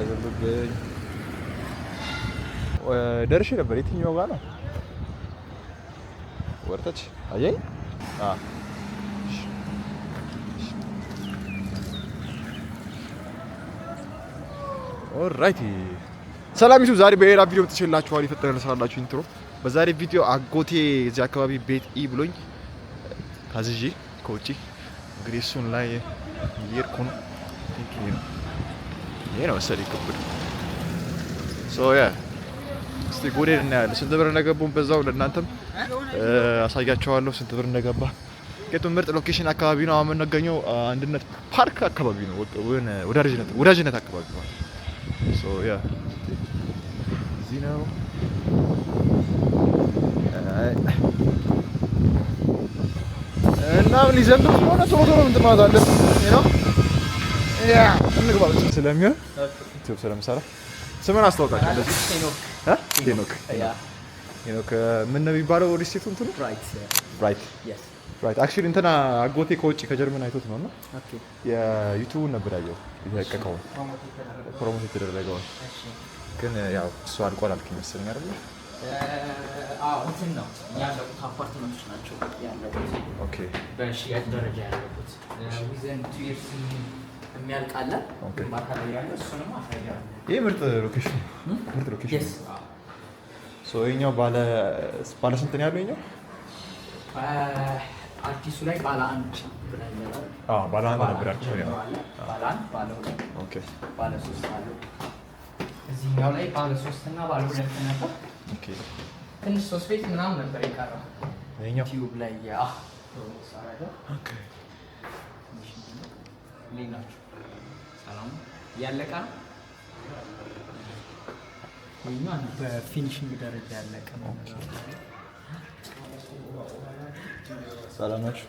አይዘንብብኝ። ደርሼ ነበር። የትኛው ጋር ነው? ወርተች አየኝ። ኦራይት ሰላም ይሱ ዛሬ በሌላ ቪዲዮ ምትችላችኋል። የፈጠነ ልሰራላችሁ ኢንትሮ። በዛሬ ቪዲዮ አጎቴ እዚህ አካባቢ ቤት ኢ ብሎኝ ታዝዤ ከውጭ እንግዲህ እሱን ላይ እየሄድኩ ነው። ነው መሰለኝ ክቡድ ያ እስቲ ጎዴን እናያለን። ስንት ብር እንደገቡም በዛው ለእናንተም አሳያቸዋለሁ ስንት ብር እንደገባ። ጌቱን ምርጥ ሎኬሽን አካባቢ ነው የምንገኘው፣ አንድነት ፓርክ አካባቢ ነው፣ ወዳጅነት አካባቢ ነው። ያ እዚህ ነው እና ሊዘንብ ስለሆነ ቶሎ ቶሎ ምንጥማት አለን ነው ስለሚሆን ዩቲዩብ ስለምሰራ ስምን አስታውቃቸው እንደዚህ ሄኖክ ሄኖክ ምን ነው የሚባለው ሪሲቱ እንትኑ ራይት አክቹዋሊ እንትና አጎቴ ከውጭ ከጀርመን አይቶት ነው እና የዩቱቡን ነበር ያየው የተለቀቀውን ፕሮሞት የተደረገውን ግን ያው እሱ አልቋል አልክ ይመስለኝ አይደለ አፓርትመንቶች ናቸው ያለቁት በሽያጭ ደረጃ ያለቁት የሚያልቃለ ይህ ምርጥ ሎኬሽን ይኸኛው ባለ ስንት ነው ያለው? ይኸኛው አዲሱ ላይ ባለ አንድ ባለ አንድ ነበር። ባለ ሶስት አለው እዚህኛው ላይ ባለ ሶስት እና ባለ ሁለት ነበር። ትንሽ ሶስት ቤት ምናምን ነበር የቀረው ቲዩብ ላይ ሰላም ያለቃ ይኛን በፊኒሽንግ ደረጃ ያለቀ ነው። ሰላም ናችሁ?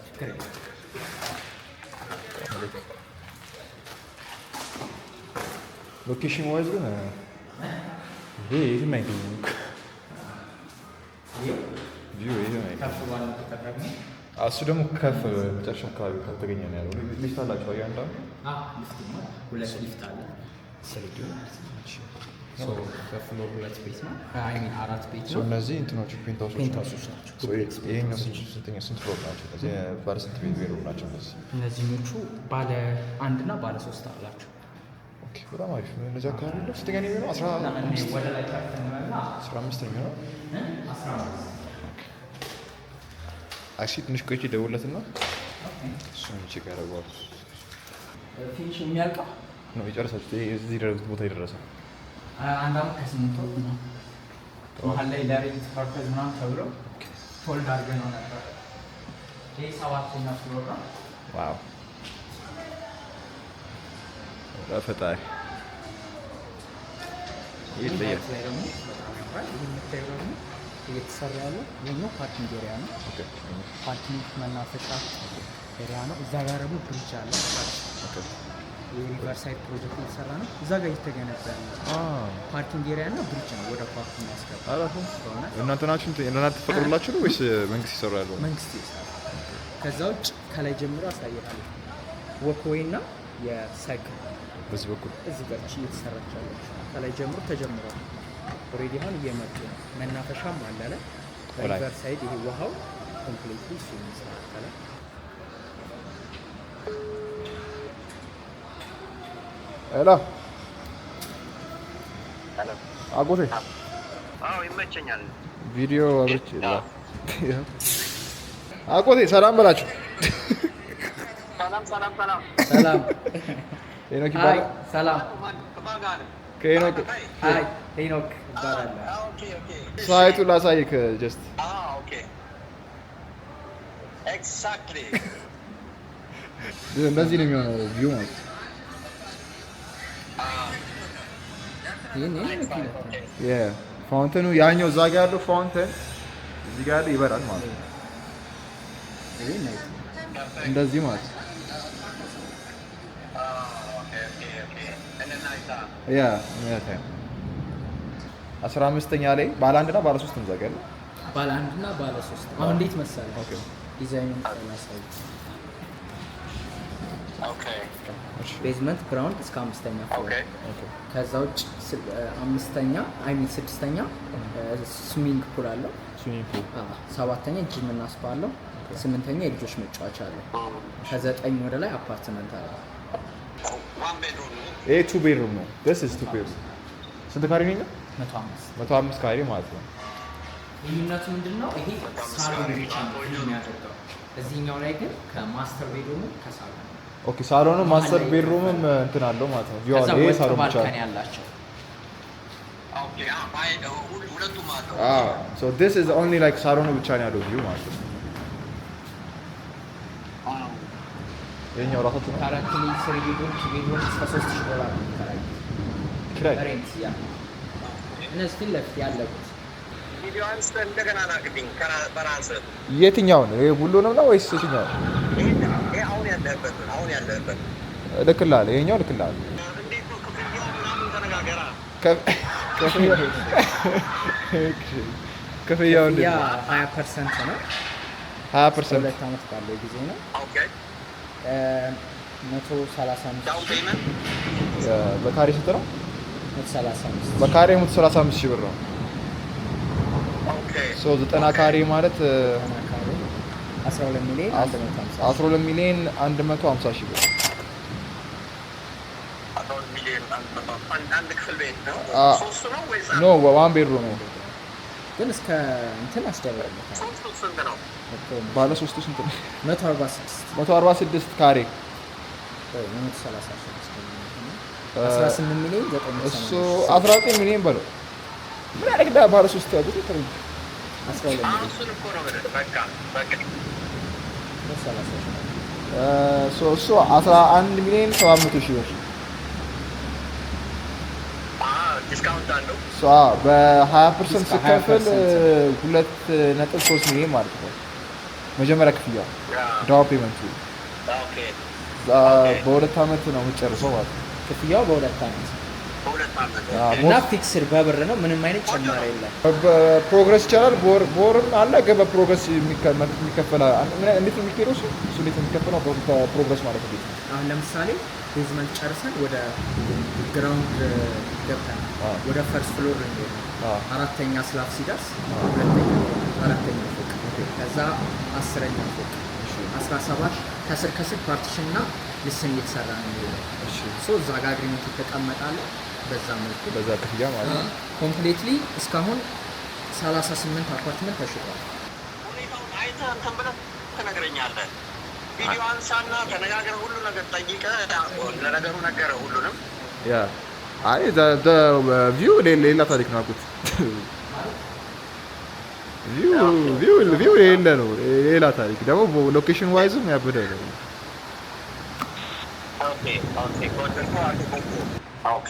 ሎኬሽን ዋይዝ ግን ይሄ የትም አይገኝም። እሱ ደግሞ ከፍ መጨረሻ አካባቢ ከተገኘ ነው ያለው። ሊፍት አላቸው አያንዳ ሁለት ሊፍት አለ። ነው ነው። እነዚህ እንትኖቹ ፔንታውሶች ናቸው። ይሄኛው ቤት ቤሮች ናቸው? እነዚህ እነዚህኞቹ ባለ አንድ እና ባለ ሶስት አላቸው። በጣም አሪፍ ነው። እነዚህ አካባቢ ስንተኛ ነው የሚሆነው? አስራ አምስት ነው አክሲ ትንሽ ቆይቼ ደውለትና እሱን ቼክ ያደርገዋል። ፊኒሽ የሚያልቀው ነው የጨረሳችሁት? እዚህ ደረጉት ቦታ የደረሰው አንድ አመት ከስምንት ወር ነው። መሀል ላይ ለሬት ፐርፐዝ ምናምን ተብሎ ፎልድ አድርገ ነው ነበር። ይህ ሰባተኛ ፍሎር ነው። ዋው ፈጣሪ ይለያል። እየተሰራ ያለው ይሄኛው ፓርኪንግ ኤሪያ ነው። ፓርኪንግ መናፈሻ ኤሪያ ነው። እዛ ጋር ደግሞ ብሪጅ አለ። የሪቨርሳይድ ፕሮጀክት እየተሰራ ነው። እዛ ጋር እየተገነባ ያለ ፓርኪንግ ኤሪያ እና ብሪጅ ነው ወደ ፓርኪንግ የሚያስገባ። እናንተ ናችሁ ነው ወይስ መንግስት ይሰራ ያለው? መንግስት ይሰራ። ከዛ ውጭ ከላይ ጀምሮ አሳያለሁ። ወክዌይ እና የሰግ በዚህ በኩል እዚህ ጋር እየተሰራች ያለች ከላይ ጀምሮ ተጀምሯል። ኦልሬዲ አሁን እየመጡ ነው። መናፈሻም አለ በሪቨር ሳይድ ይሄ ውሃው ኮምፕሊት እሱ ይመስላል። ሄሎ አጎቴ፣ አዎ ይመቸኛል። ቪዲዮ አብርቼ አጎቴ፣ ሰላም በላቸው። ሰላም ሰላም ሰላም ሰላም ከሄኖክ ሄኖክ እባላለሁ። ሳይቱ ላሳይክ ጀስት እንደዚህ ነው የሚሆነው ቪው ማለት ፋውንተኑ ያኛው እዛ ጋ ያለው ፋውንተን እዚህ ጋ ያለው ይበራል ማለት ነው። እንደዚህ ማለት ነው። አስራ አምስተኛ ላይ ባለ አንድ እና ባለ ሶስት እንዘጋለ ባለ አንድ ባለ ሶስት አሁን እንዴት መሰለህ? ቤዝመንት ግራውንድ እስከ አምስተኛ ከዛ ውጭ አምስተኛ አይ ሚን ስድስተኛ ስዊሚንግ ፑል አለው። ሰባተኛ ጂም እና ስፓ አለው። ስምንተኛ የልጆች መጫወቻ አለው። ከዘጠኝ ወደ ላይ አፓርትመንት አለው። ይሄ ቱ ቤድሩም ነው። ደስ ቱ ቤድሩም ስንት ካሬ ነው? መቶ አምስት ካሬ ማለት ነው። ልዩነቱ ምንድን ነው? ይሄ ሳሎን ብቻ ነው የሚያደርገው። እዚህኛው ላይ ግን ከማስተር ቤድሩም ከሳሎን ኦኬ፣ ሳሎኑ ማስተር ቤድሩምም እንትን አለው ማለት ነው። ቪዋ ይሄ ሳሎን ብቻ ያላቸው ሳሎኑ ብቻ ነው ያለው ቪው ማለት ነው። የኛው ራሱ አራት ስሪ ቤቶች ቤቶች እስከ ሶስት ሺህ ዶላር ኪራይ ሬንት። ያ እነዚህ ፊት ለፊት ያለቁት የትኛውን ሁሉንም ነው ወይስ የትኛውን? ልክልሀለሁ፣ ይኸኛው ልክልሀለሁ። ክፍያው ሀያ ፐርሰንት ነው። ሀያ ፐርሰንት ሁለት ዓመት ባለው ጊዜ ነው። መቶ ሰላሳ በካሬ ስንት ነው? በካሬ መቶ ሰላሳ አምስት ሺህ ብር ነው። ዘጠና ካሬ ማለት ሚሊዮን አንድ ሺህ ብር ኖ ዋን ቤድሩም ነው ግን እስከ እንትን አስደረግነው ባለ ሶስት ስንት ነው? መቶ አርባ ስድስት ካሬ እሱ አስራ ዘጠኝ ሚሊዮን በለው። ምን ያደግ ባለ ሶስት ያዙ እሱ አስራ አንድ ሚሊዮን ሰባት መቶ ሺህ ብር በ በሀያ ፐርሰንት ስከፍል ሁለት ነጥብ ሶስት ሚሊዮን ማለት ነው። መጀመሪያ ክፍያ ዳውን ፔመንቱ በሁለት አመት ነው የምጨርሰው ማለት ነው። ክፍያው በሁለት አመት እና ፊክስር በብር ነው። ምንም አይነት ጭማሪ የለም። ፕሮግረስ ይቻላል። በወርም አለ ገ በፕሮግረስ የሚከፈል እንዴት ነው እሱ እሱ እንዴት የሚከፈለው? በፕሮግረስ ማለት እንዴት ነው? አሁን ለምሳሌ ቤዝመንት ጨርሰን ወደ ግራውንድ ገብተን ወደ ፈርስት ፍሎር እንሄድ አራተኛ ስላፍ ሲደርስ ሁለተኛ አራተኛ ፎቅ ከዛ አስረኛ ፎቅ አስራ ሰባት ከስር ከስር ፓርቲሽን እና ልስን እየተሰራ ነው የሚሄደው። እዛ ጋር አግሪመንት ይተቀመጣለን በዛ ክፍያ ማለት ነው። ኮምፕሌትሊ እስካሁን 38 አፓርትመንት ተሽጧል። ትነግረኛለህ። ቪዲዮ አንሳና ሁሉ ነገር ለነገሩ ነገረ ሁሉንም አይ ቪው ሌላ ታሪክ ነው አልኩት። ቪው ነው ሌላ ታሪክ ደግሞ ሎኬሽን ዋይዝም ያበደ ነው። ኦኬ ኦኬ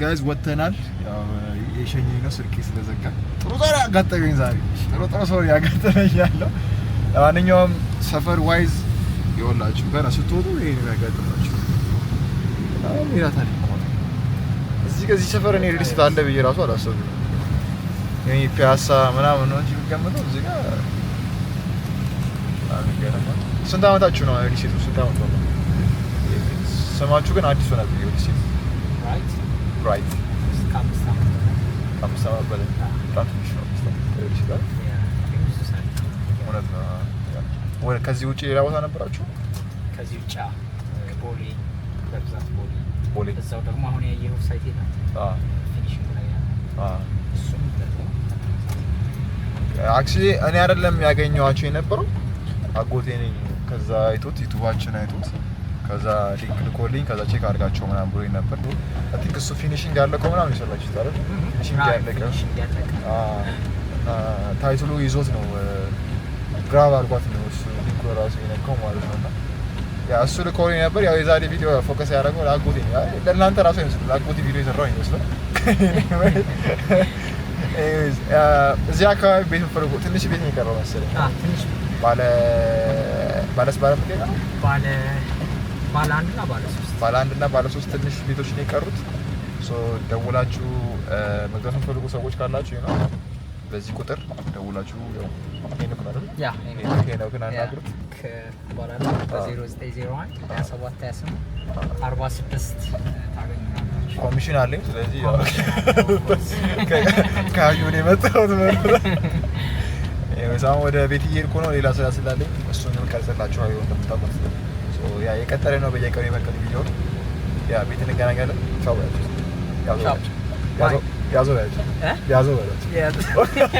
ጋይዝ ወጥተናል። የሸኘኝ ነው ስልኬ ስለዘጋ። ጥሩ ጥሩ ያጋጠመኝ ዛሬ ጥሩ ጥሩ ሰው ያጋጠመኝ ያለው። ለማንኛውም ሰፈር ዋይዝ ይወላችሁ ገና ስትወጡ ይሄ ነው ያጋጠማችሁ። ይራታል እዚህ ከዚህ ሰፈር እኔ ሪልስት አለ ብዬ ራሱ አላሰብኩም። ይሄ ፒያሳ ምናምን ነው እንጂ የሚገምተው እዚህ ጋር ስንት አመታችሁ ነው? ሪልስት ስንት አመት ነው? ስማችሁ ግን አዲስ ሆናል ሪልስት ብራይት ከአምስት ዓመት በላይ በጣም ትንሽ ነው። ይችላል እውነት ነው። ከዚህ ውጭ ሌላ ቦታ ነበራችሁ? ከዚህ ውጭ ቦሌ፣ በብዛት ቦሌ ቦሌ። እዛው ደግሞ አሁን ያየኸው ሳይት ናት። ፊኒሽንግ ላይ እሱም አክቹዋሊ እኔ አይደለም ያገኘኋቸው የነበረው አጎቴ ነኝ። ከዛ አይቶት ዩቱባችን አይቶት ከዛ ሊንክ ልኮልኝ ከዛ ቼክ አድርጋቸው ምናምን ብሎኝ ነበር። አይ እሱ ፊኒሽንግ ያለቀው ምናምን የሰራችሁት አይደል? ፊኒሽንግ ያለቀ ታይትሉ ይዞት ነው ግራብ አድርጓት ነው እሱ ሊንኩ ራሱ የነካው ማለት ነው። እና ያ እሱ ልኮልኝ ነበር። ያው የዛሬ ቪዲዮ ፎከስ ያደረገው ለአጎቴ ለእናንተ ራሱ አይመስልም ለአጎቴ ቪዲዮ የሰራው ይመስላል። እዚህ አካባቢ ቤት ፈልጎ ትንሽ ቤት ነው የቀረው መሰለኝ ባለ ባለስ ባለ ባለ አንድና ባለ ሶስት ባለ አንድና ባለ ሶስት ትንሽ ቤቶች ነው የቀሩት። ደውላችሁ መግዛት የምትፈልጉ ሰዎች ካላችሁ ነው በዚህ ቁጥር ደውላችሁ ኮሚሽን አለኝ። ስለዚህ ከአዩን የመጣሁት ወደ ቤት እየሄድኩ ነው። ሌላ ስራ ስላለኝ እሱን ቀርጽላችኋለሁ እንደምታውቁት የቀጠለ ነው። በየቀኑ የመልቀት ቪዲዮ ቤት እንገናኛለን። ቻው ያዙ ያዙ ያዙ ያዙ ያዙ